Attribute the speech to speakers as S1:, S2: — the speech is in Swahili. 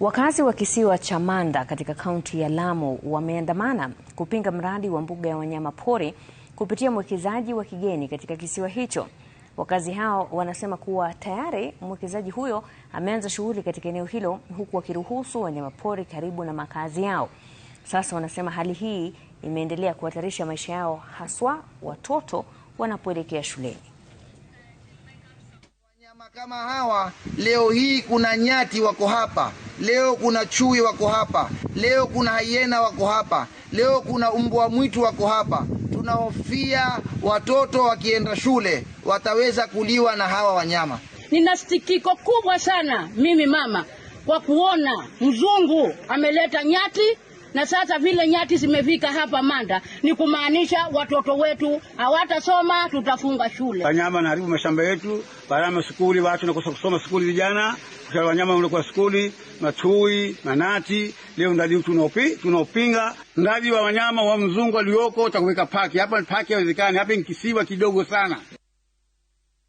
S1: Wakazi wa kisiwa cha Manda katika kaunti ya Lamu wameandamana kupinga mradi wa mbuga ya wanyama pori kupitia mwekezaji wa kigeni katika kisiwa hicho. Wakazi hao wanasema kuwa tayari mwekezaji huyo ameanza shughuli katika eneo hilo huku wakiruhusu wanyama pori karibu na makazi yao. Sasa wanasema hali hii imeendelea kuhatarisha maisha yao haswa watoto wanapoelekea shuleni.
S2: Wanyama kama hawa leo hii kuna nyati wako hapa leo kuna chui wako hapa, leo kuna haiena wako hapa, leo kuna mbwa mwitu wako hapa. Tunahofia watoto wakienda shule wataweza kuliwa na hawa wanyama.
S3: Nina stikiko kubwa sana mimi mama kwa kuona mzungu ameleta nyati na sasa vile nyati zimefika hapa Manda ni kumaanisha watoto wetu hawatasoma, tutafunga shule.
S4: Wanyama naharibu mashamba yetu, barama shukuli, watu nakosa kusoma skuli vijana kushala wanyama unakuwa skuli matui manati. Leo ndadi tunaopi tunaopinga ndadi wa wanyama wa mzungu alioko takuweka paki hapa, paki haiwezekani hapa, ni kisiwa kidogo sana.